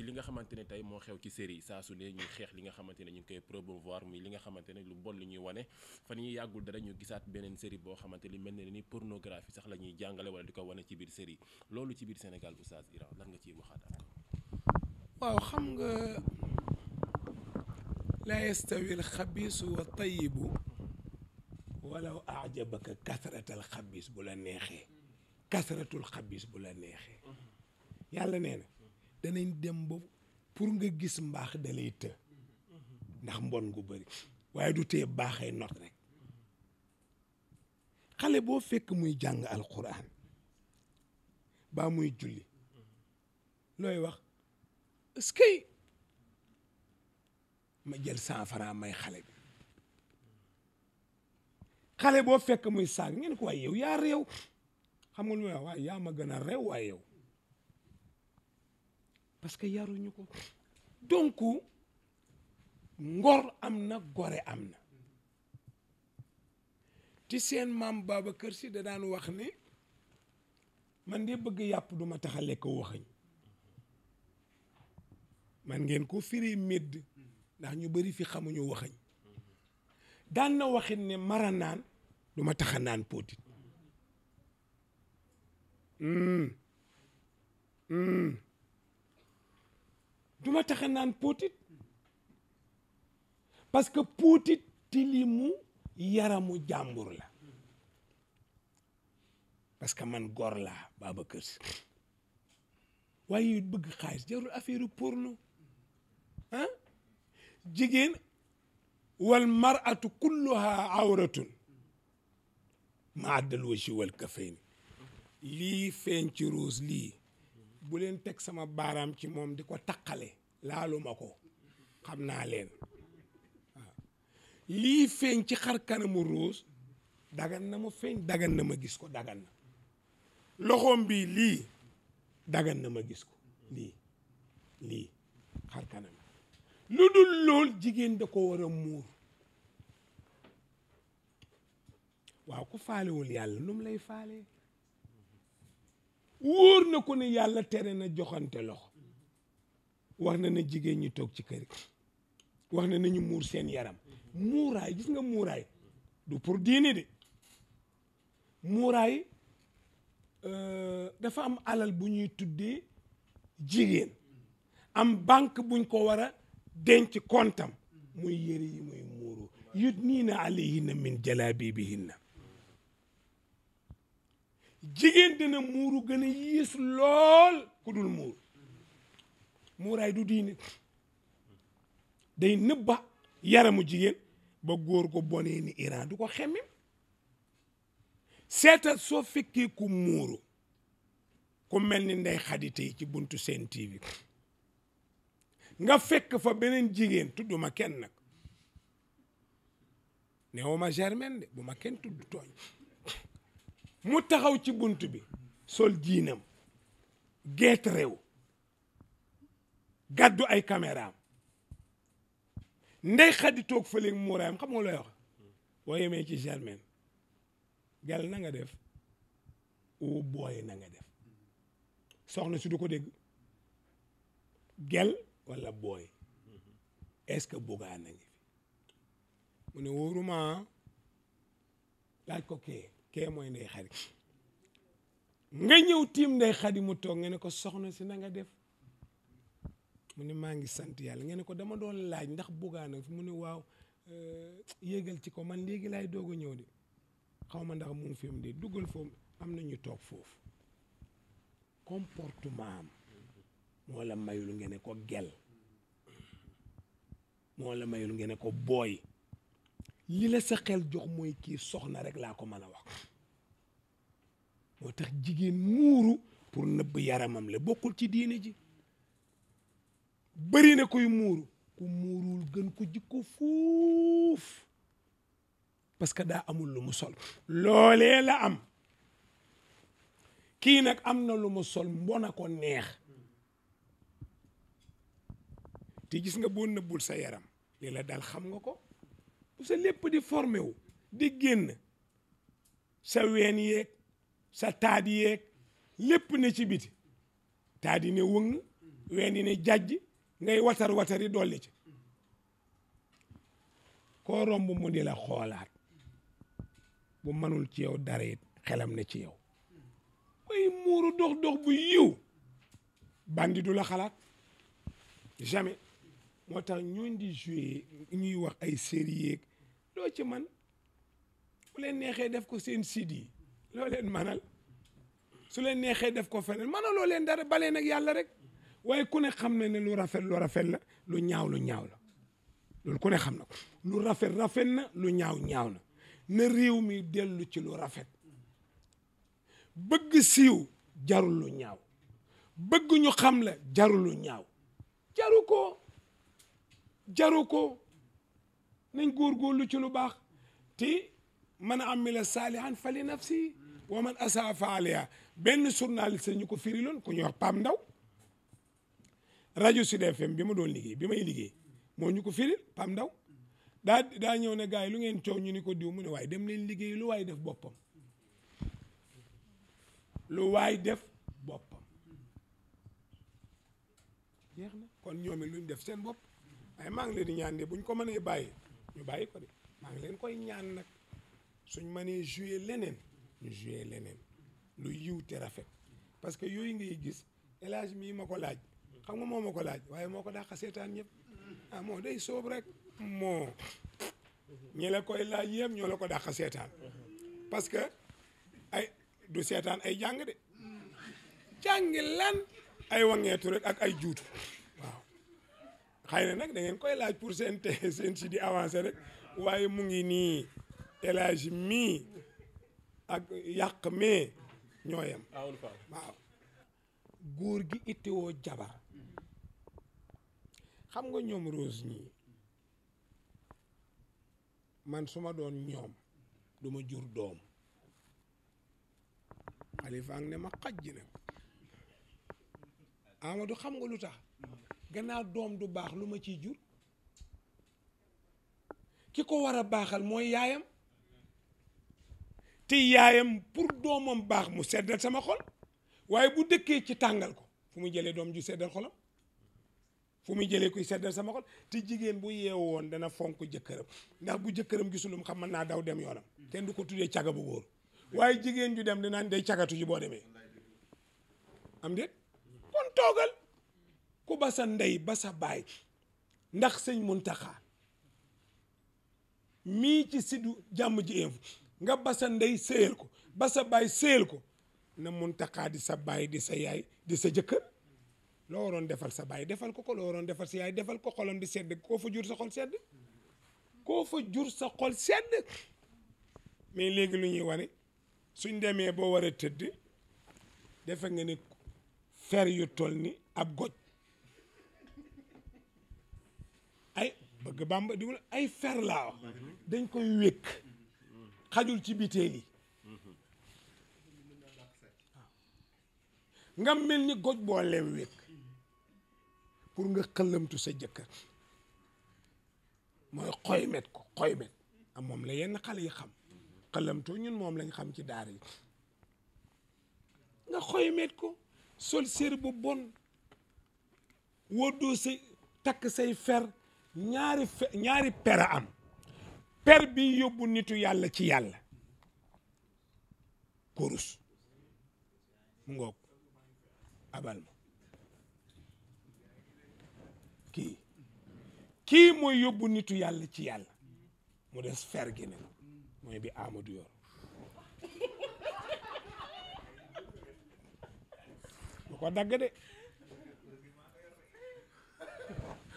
ci li nga xamante ne tey moo xew ci série yi saa su ne ñuy xeex li nga xamante ne ñu ngi koy promouvoir muy li nga xamante ne lu bon li ñuy wane fan yi yàggul dara ñu gisaat beneen série boo xamante li mel na ni pornographie sax la ñuy jàngale wala di ko wane ci biir série loolu ci biir Sénégal oustaz Iran lan nga ciy waxaat ak waaw xam nga laa yastawi alxabiisu wa tayibu walaw ajabaka kasratal xabis bu la neexee kasratul xabiis bu la neexee yàlla danañ dem ba pour nga gis mbaax dalay të ndax mbon gu bari waaye du tee baaxee not rek xale boo fekk muy jàng alquran baa muy julli looy wax est-ce ma jël cent may xale bi xale boo fekk muy saag ngeen ko waaye yow yaa réew xam nga lu yaa ma gën a réew waaye yow parce que yaruñu ko donc ngor am na gore am na ci seen maam baaba kër Si da daan wax ne man de bëgg yàpp duma tax a lekk waxañ man ngeen ko firi médd ndax ñu bari fi xamuñu waxañ daan na waxit ne mara naan duma tax a naan póotit mm. mm. duma la naan póotit parce que póotit mu yaramu jàmbur la parce que man gor laa Babacar Si waaye it bëgg xaalis jarul affaire porno ah jigéen wal mar'atu kulluha awratun ma addal wajhi wal kafayni lii feeñ ci ruus lii buleen teg sama baaraam ci moom di ko taqale laaluma ko xam naa leen waaw lii feeñ ci xar kanamu Rose dagan na ma feeñ dagan na ma gis ko dagan na loxoom bi lii dagan na ma gis ko lii lii xar kanam lu dul lool jigéen da ko war a muur waaw ku faalewul yàlla nu lay faale wóor na ko ne yàlla tere na joxante loxo wax na na jigéen ñi toog ci kër wax na nañu muur seen yaram muuraay gis nga muuraay du pour diini de muuraay euh, dafa am alal bu ñuy tuddee jigéen am banque buñ ko war a denc kontam muy yëre yi muy muuru yudniina alayhinna min jalaabibihinna jigéen dina muuru gën a lool ku dul muur muuraay du diine day nëbba yaramu jigéen ba góor ko bonee ni Iran du ko xemmem seetal soo fekkee ku muuru ku mel ni ndey ci buntu seen TV nga fekk fa beneen jigéen tudduma kenn nag neewuma Germaine de bu ma kenn tudd tooñ mu taxaw ci bunt bi sol jiinam geet réew gàddu ay caméraam ndey xadi toog fële muuraayam xam nga looy wax boo yemee ci germaine gal na nga def u booy na nga def soxna su du ko dégg gel walla booy est-ce que bugaa na ngi fi mu ne wóoruma laaj ko kee kee mooy ndey xadi nga ñëw tiim ndey xadi mu toog nga ne ko soxna si na nga def mu ne maa ngi sant yàlla nga ne ko dama doon laaj ndax bugaan ak mu ne waaw euh, yéegal ci ko man léegi laay doog a ñëw de xaw ma ndax mu ngi fi de duggal foofu am na ñu toog foofu comportement am moo la mayul nga ne ko gel moo la mayul nga ne ko booy li la sa xel jox mooy kii soxna rek laa ko mën a wax moo tax jigéen muuru pour nëbb yaramam la bokkul ci diine ji bëri na koy muuru ku muuruwul gën ko jikko fuuf parce que daa amul lu mu sol loolee la am kii nag am na lu mu sol mbona ko neex te gis nga boo nëbbul sa yaram li la daal xam nga ko sa lépp di formé wu di génn sa ween yeeg sa taat yeeg lépp ne ci biti taat yi ne wëng ween yi ne jajj ngay watar watar yi dolli ci koo romb mu di la xoolaat bu manul ci yow dara it xelam ne ci yow koy muuru dox dox bu yiw bandi du la xalaat jamais moo tax ñooñ di jouer ñuy wax ay série yéeg loo ci man bu leen neexee def ko seen sid yi loo leen manal su leen neexee def ko feneen manaloo leen dara baleen nag yàlla rek waaye ku ne xam na ne lu rafet lu rafet la lu ñaaw lu ñaaw la loolu ku ne xam na ko lu rafet rafet na lu ñaaw ñaaw na na réew mi dellu ci lu rafet bëgg siiw jarul lu ñaaw bëgg ñu xam la jarul lu ñaaw jaru ko jaru ko nañ góorgóorlu ci lu baax te man amila saalihan fali nafsi wa man asaa fa alayha benn journaliste ñu ko firi loon ku ñuy wax Pam Ndaw rajo Sud FM bi ma doon liggéey bi may liggéey moo ñu ko firil Pam Ndaw daa daa ñëw ne gars yi lu ngeen coow ñu ni ko diw mu ne waaye dem leen liggéey lu waay def boppam lu waay def boppam jeex kon ñoom it def seen bopp waaye maa ngi leen di ñaan de buñ ko mënee bàyyi ñu bàyyi ko de maa ngi leen koy ñaan nag suñ mënee jouer leneen ñu jouer leneen lu yiw te rafet parce que yooyu ngay gis élage mii ma ko laaj xam nga moo ma ko laaj waaye moo ko dàqa seetaan ñëpp ah moo day soob rek moo ñi la koy laaj yëpp ñoo la ko dàqa seetaan parce que ay du seetaan ay jàng de jàngi lan ay wangeetu rek ak ay juutu xëy na nag da ngeen koy laaj pour seen te seen si di avancer rek waaye mu ngi nii élage mii ak yàq mee ñoo yem ah, waaw góor gi ittiwoo jabar xam nga ñoom rose ñii man suma doon ñoom du ma jur doom xalifa ne ma xajj ama Amadou xam nga lu tax gannaaw doom du baax lu ma ciy jur ki ko war a baaxal mooy yaayam te yaayam pour doomam baax mu seddal sama xol waaye bu dëkkee ci tàngal ko fu mu jëlee doom ju seddal xolam fu muy jëlee kuy seddal sama xol ti jigéen bu yeewu woon dana fonk jëkkëram ndax bu jëkkëram gisulum xam mën naa daw dem yoonam kenn du ko tuddee caga bu góor waaye jigéen ju dem dinaan day cagatu ji boo demee am déet kon toogal ku ba ndey basa baay ndax sëñ Muntaxa mii ci siddu jàmm ji nga ba sa ndey séyal ko ba baay séyal ko na Muntaxa di sa baay di sa yaay di sa jëkkër loo waroon defal sa baay defal ko ko loo woroon defal sa yaay defal ko xolam di sedd koo fa jur sa xol sedd koo fa jur sa xol sedd mais léegi lu ñuy wane suñ demee boo war tëdd defe nga ni fer yu toll ni ab goj bëgg bamba di ay fer laa wax koy wékk xajul ci biteel yi nga mel ni goj boo leem wékk pour nga xëlëmtu sa jëkkër mooy xoymet ko xoymet am moom la yenn xale yi xam xëlëmtoo ñun moom lañ xam ci daar yi nga xoymet ko sol séer bu bon woddoo say takk say fer ñaari per am per bi yóbbu nitu yàlla ci yàlla kurus mu ngoog abal ma kii kii mooy yóbbu nitu yàlla ci yàlla mu des fer gi ne mooy bi Amadou yor bu ko dagg de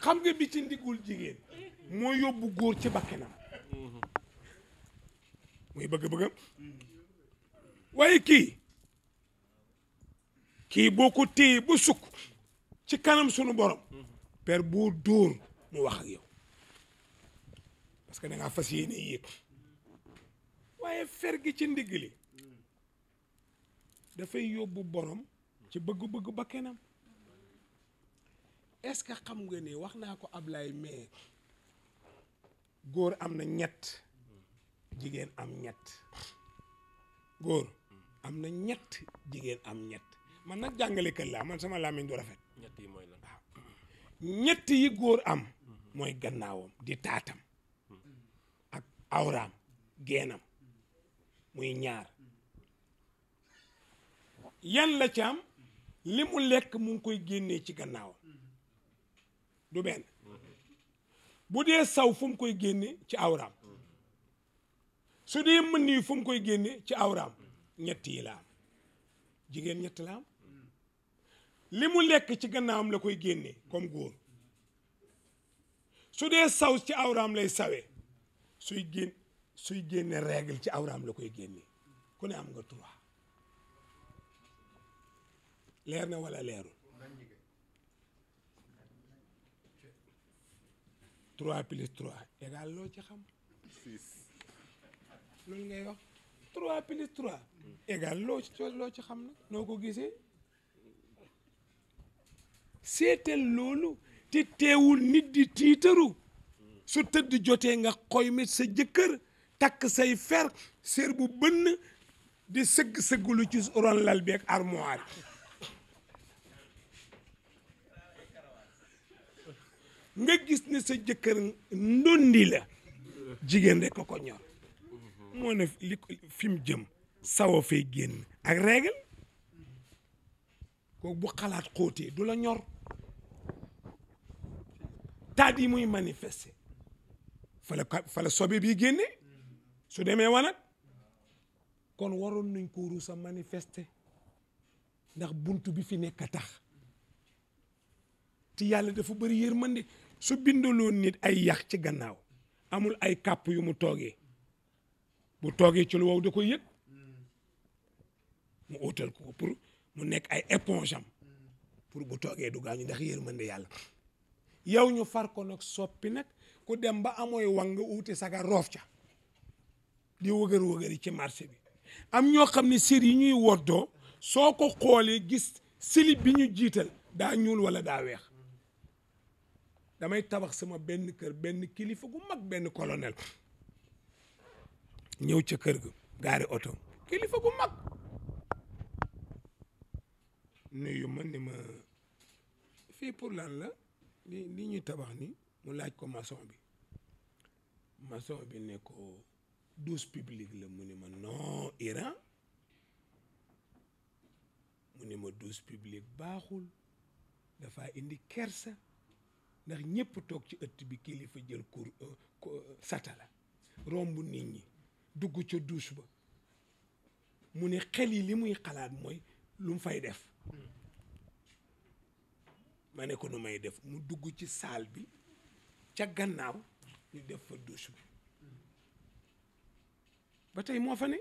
xam nga bi ci ndigul jigéen moo yóbbu góor ci bakkenam muy bëgg-bëggam waaye kii kii boo ko téye ba sukk ci kanam sunu borom per boo dóor mu wax yow parce que da ngaa fas yéene yéeg waaye fer gi ci ndigg li dafay yóbbu borom ci bëgg-bëgg bakkenam est-ce que xam nga ne wax naa ko Ablaye mais góor am na ñett jigéen am ñett góor am na ñett jigéen am ñett man nag jàngalekat laa man sama làmmiñ du rafet. ñett yi góor am. mooy gannaawam di taatam. ak awraam geenam muy ñaar yan la ci am li mu lekk mu ngi koy génnee ci gannaawam. du benn bu dee saw fu mu koy génne ci awraam su dee mën yi fu mu koy génne ci awraam ñett yi la am jigéen ñett la am li mu lekk ci gannaawam la koy génne comme góor su dee saw ci awraam lay sawee suy génn suy génne règle ci awraam la koy génne ku ne am nga trois leer na wala leerul trois plus 3 égal loo ci xam. 6. ngay wax 3 plus 3. loo loo ci xam nag noo ko gisee seetal loolu te teewul nit di tiitaru su tëdd jotee nga xoy mit sa jëkkër takk say fer sér bu bënn di sëgg sëggulu ci ron lal bi armoire. nga gis ne sa jëkkër ndondi la jigéen rek ko ko ñor moo ne li jëm sawo fay génn ak régal kooku bu xalaat xóotee du la ñor taat yi muy manifester fala fala sobe bi génne su demee wanag kon waroon nañ ko ruusa manifester ndax bunt bi fi nekk a tax yàlla dafa bëri yërmande su bindaloon nit ay yax ci gannaaw amul ay kàpp yu mu toogee bu toogee ci lu wow da koy yëg mu utal ko pour mu nekk ay éponge pour bu toogee du gaañu ndax yërmande yàlla yow ñu far ko nag soppi nag ku dem ba amooy wang uuti saga roof ca di wëgër wëgër ci marché bi am ñoo xam ne sér yi ñuy woddoo soo ko xoolee gis silib bi ñu jiital daa ñuul wala daa weex damay tabax sama benn kër benn kilifa gu mag benn colonel ñëw ca kër gi gaari oto kilifa gu mag nuyu ma ni ma fii pour lan la li li ñuy tabax ni mu laaj ko maçon bi maçon bi ne ko douche publique la mu ni ma non Iran mu ni ma douche publique baaxul dafa indi kersa ndax ñëpp toog ci ëtt bi kilifa jël kur euh, euh, satala romb nit ñi dugg ca duus ba mu ne xel yi li muy xalaat mooy lu mu fay def ma ne ko nu may def mu dugg ci saal bi ca gannaaw ñu def fa douche bi ba tey moo fa ne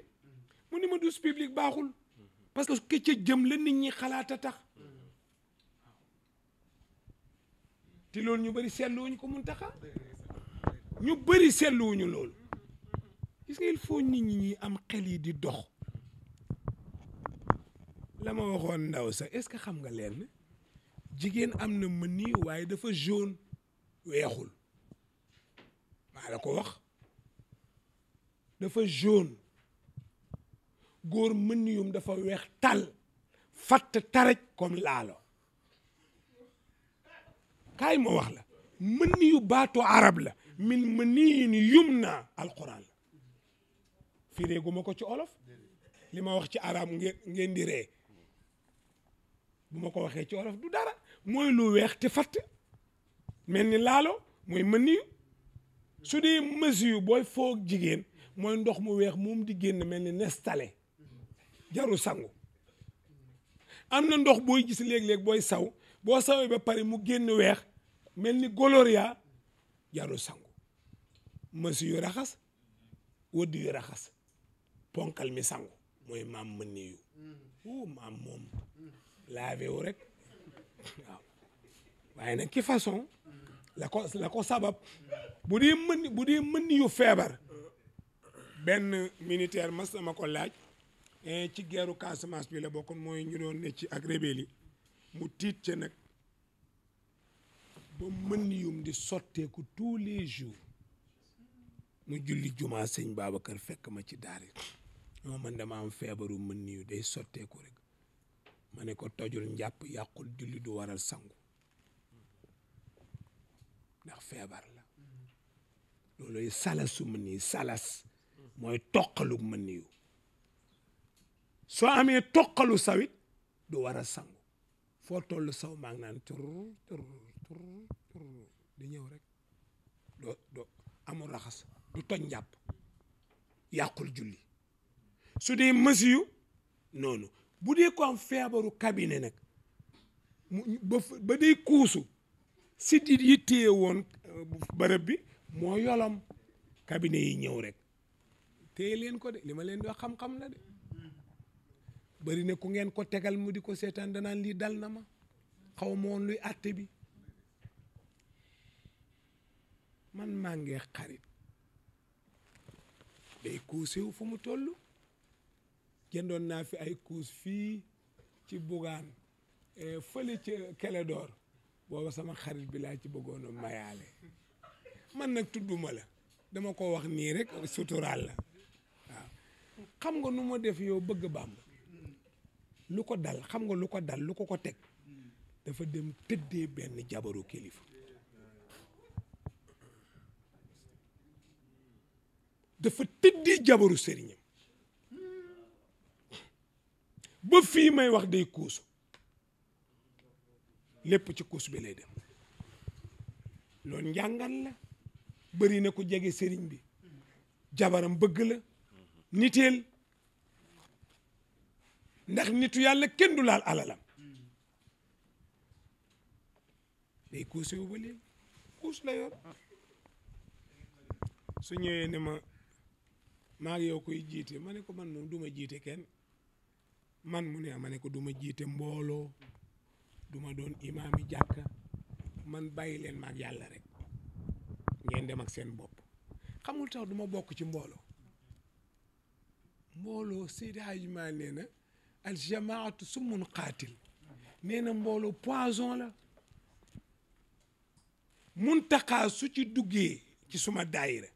mu ni ma douche publique baaxul parce que ca jëm la nit ñi xalaat a tax te loolu ñu bëri seetluwuñu ko Muntaxa ñu bari seetluwuñu loolu gis nga il faut nit ñi am xel yi di dox la ma waxoon ndaw sax est-ce que xam nga leen jigéen am na mën nii waaye dafa jaune weexul maa la ko wax dafa jaune góor mën niyum dafa weex tal fatt taraj comme laalo kaay ma wax la mën yu baatu arab la min mëniyin yumna alquran la firéeguma ko ci olof li ma wax ci arab ngeen ngeen di ree bu ma ko waxee ci olof du dara mooy lu weex te fatt mel ni laalo mooy mëniyu su dee mësiyu booy foog jigéen mooy ndox mu weex moom di génn mel ni nestale jaru sangu am na ndox booy gis léeg-léeg booy saw boo sawee ba pare mu génn weex mel ni goloria jarul sangu mësu yu raxas wëdd yu raxas ponkal mi sangu mooy maam mën ni yu o maam moom laave rek waaw waaye nag ki façon la ko la ko sabab bu dee mën bu dee mën yu feebar benn militaire mas na ma ko laaj eh, ci geeru Casamance bi la bokkoon mooy ñu doon ne ci ak rébelli mu tiit ca nag ba mën yum di sotteeku tous les jours mu julli jumaa sëñ Babacar fekk ma ci daari ñoo man dama am feebaru mën niyu day sotteeku rek ma ne ko tojul njàpp yàqul julli du waral sangu ndax feebar la looluy salasu mën niyu salas mooy toqalu mën niyu soo amee toqalu sawit du war a sangu foo toll saw maa ngi naan cur cur cur di ñëw rek doo doo amul raxas du toj njàpp yàqul julli su dee masiyu noonu bu dee ko am feebaru cabinet nag mu ba ba day kuusu sidit yi téye woon euh, bërëb bi moo yolom cabinet yi ñëw rek téye leen ko de li ma leen di xam-xam la de bari na ku ngeen ko tegal mu di ko seetaan danaan lii dal na ma xaw ma luy àtte bi man maa ngi xarit day kuusew fu mu toll jëndoon naa fi ay kuus fii ci bugaan eh, fële ca Kélédoor booba sama xarit bi laa ci bëggoon mayaale man nag tudduma la dama ko wax nii rek suturaal la waaw xam nga nu ma def yow bëgg Bàmba lu ko dal xam nga lu ko dal lu ko ko teg dafa dem tëddee benn jabaru kilifa dafa tëddee jabaru sëriñam ba fii may wax day kuusu lépp ci kuus bi lay dem loolu njàngal la bëri na ku jege sëriñ bi jabaram bëgg niteel ndax nitu yàlla kenn du laal alalam day kuuse wu ba léegi kuus la yor su ñëwee ne ma maa ngi yow koy jiite ma ne ko man moom du jiite kenn man mu ne ma ne ko duma jiite mbooloo duma ma doon imaami jàkka man bàyyi leen maag yàlla rek ngeen dem ak seen bopp xamul tax du ma bokk ci mbooloo mbooloo Seydi Hadji nee na aljamaatu summun qaatil nee na mbooloo poison la muntaxaa su ci duggee ci suma daayira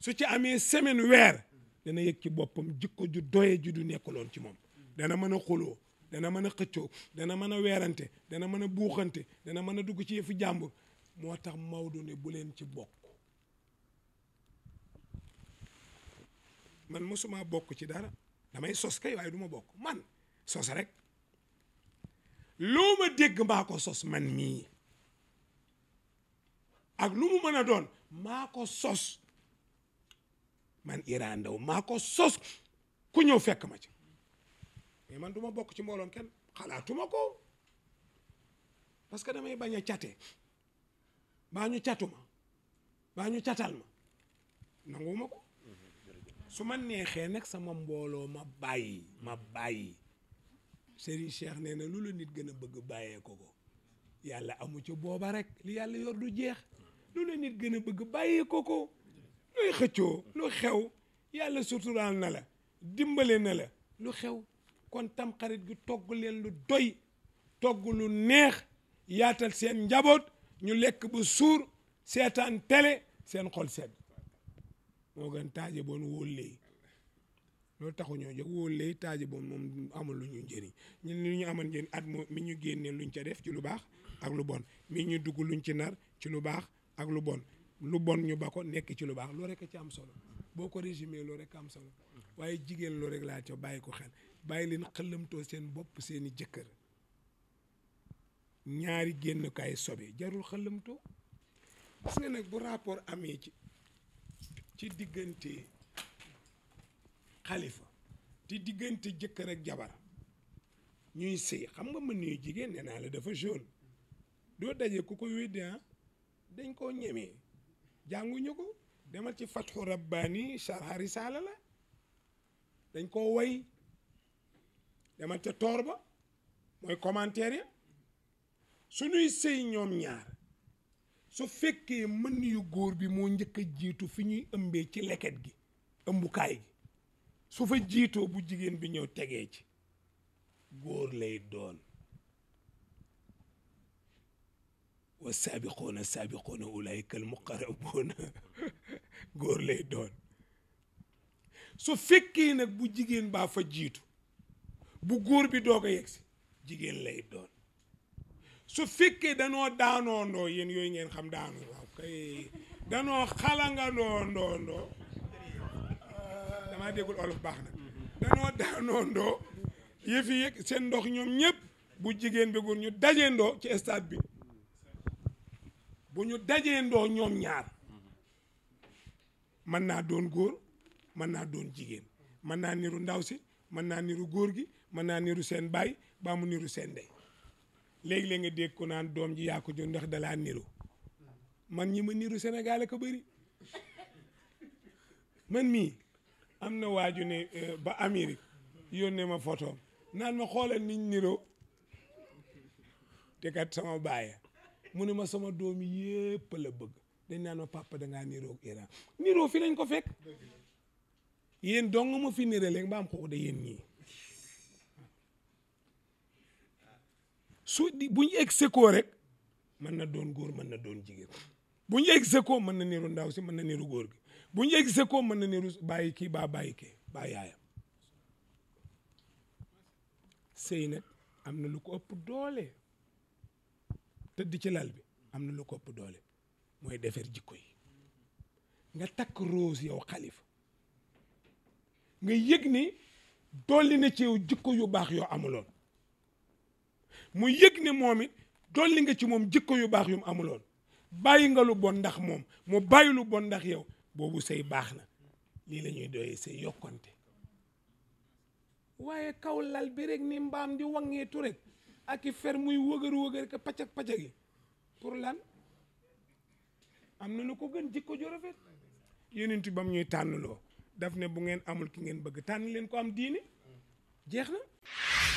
su ci amee semaine weer dana yëg ci boppam jikko ju doye ju du nekkuloon ci moom dana mën a xuloo dana mën a xëccoo dana mën a weerante dana mën a buuxante dana mën a dugg ci yëfu jàmbur moo tax Maodo ne bu leen ci bokk man suma bokk ci dara damay sos kay waaye du bokk man sos rek loo ma dégg sos man mii ak lu mu mën a doon maa sos man Iran Ndao maa sos ku ñëw fekk ma ci mais man duma bokk ci mbooloom kenn xalaatuma ko parce que damay bañ a cate baa ñu catuma baa ñu catal ma nanguwuma ko su ma neexee nag sama mbooloo ma bàyyi ma bàyyi Serigne Cheikh nee na lu la nit gën a bëgg bàyyee ko ko yàlla amu ci booba rek li yàlla yor du jeex lu la nit gën a bëgg bàyyee ko ko luy xëccoo lu xew yàlla suturaal na la dimbale na la lu xew kon tamxarit gi togg leen lu doy togg lu neex yaatal seen njaboot ñu lekk bu suur seetaan télé seen xol sedd moo gën taaje boon wóollee loolu taxuñoo jóg wóollee taaje boon moom amul lu ñu njëriñ ñun lu ñu amal njëriñ at moo mi ñu génnee luñ ca def ci lu baax ak lu bon mi ñu dugg luñ ci nar ci lu baax ak lu bon lu bon ñu ba ko nekk ci lu baax loo rek ci am solo boo ko résumé loo rek am solo waaye jigéen loo rek laa ca bàyyi ko xel bàyyi leen xëlamtoo seen bopp seeni jëkkër ñaari génn kaay sobe jarul xëlamtoo gis nga bu rapport amee ci ci diggante xalifa ci diggante jëkkër ak jabar ñuy sëy xam nga mën nuy jigéen nee la dafa jaune doo daje ku ko weddi ah dañ koo ñemee jànguñu ko demal ci fatxu rabbaani sharha risaala la dañ koo way demal ca toor ba mooy commentaire ya suñuy sëy ñoom ñaar su fekkee mën yu góor bi moo njëkk a jiitu fi ñuy ëmbee ci leket gi ëmbukaay gi su fa jiitoo bu jigéen bi ñëw tegee ci góor lay doon wa saabiquuna saabiquuna ulaayika almuqarabuuna góor lay doon su fekkee nag bu jigéen baa fa jiitu bu góor bi doog a yegsi jigéen lay doon su fekkee danoo daanoo ndoo yéen yooyu ngeen xam daanu waaw kay danoo xalanga ndoo ndoo ndoo damaa déggul baax na danoo seen ndox ñoom ñëpp bu jigéen bi góor ñu dajee ndoo ci stade bi bu ñu dajee ndoo ñoom ñaar mën naa doon góor mën naa doon jigéen mën naa niru ndaw si mën naa niru góor gi mën naa niru seen baay baa mu niru seen ndey léegi-léeg nga dégg ko naan doom ji yaa ko ndax dalaa niru man ñi ma niru Sénégal a ko bëri man mii am na waaju ne euh, ba Amérique yónnee ma photo naan ma xoolal niñ niroo te kat sama baaya mu ne ma sama doom yépp la bëgg dañ naan ma papa dangaa niroo Iran niroo fi lañ ko fekk yeen dong ma fi niree léegi mbaam xoox da yéen ñii su bu ñu exéco rek mën na doon góor mën na doon jigéen bu ñu exéco mën na niru ndaw si mën na niru góor gi bu ñu exéco mën na niru bàyyi kii baa bàyyi kii baa yaayam sëy nag am na lu ko ëpp doole tëdd ci lal bi am na lu ko ëpp doole mooy defar jikko yi nga takk rose yow xalifa nga yëg ni dolli na ci yow jikko yu baax yoo amuloon mu yëg ne moom it dolli nga ci moom jikko yu baax yu mu amuloon bàyyi nga lu bon ndax moom mu bàyyi lu bon ndax yow boobu sëy baax na lii la ñuy sëy yokkante waaye kaw lal bi rek ni mbaam di wangeetu rek ak i fer muy wëgër wëgër ka pacak pacak yi pour lan am na lu ko gën jikko ju rafet yonent ba mu ñuy tànnloo daf ne bu ngeen amul ki ngeen bëgg tànn leen ko am diine jeex na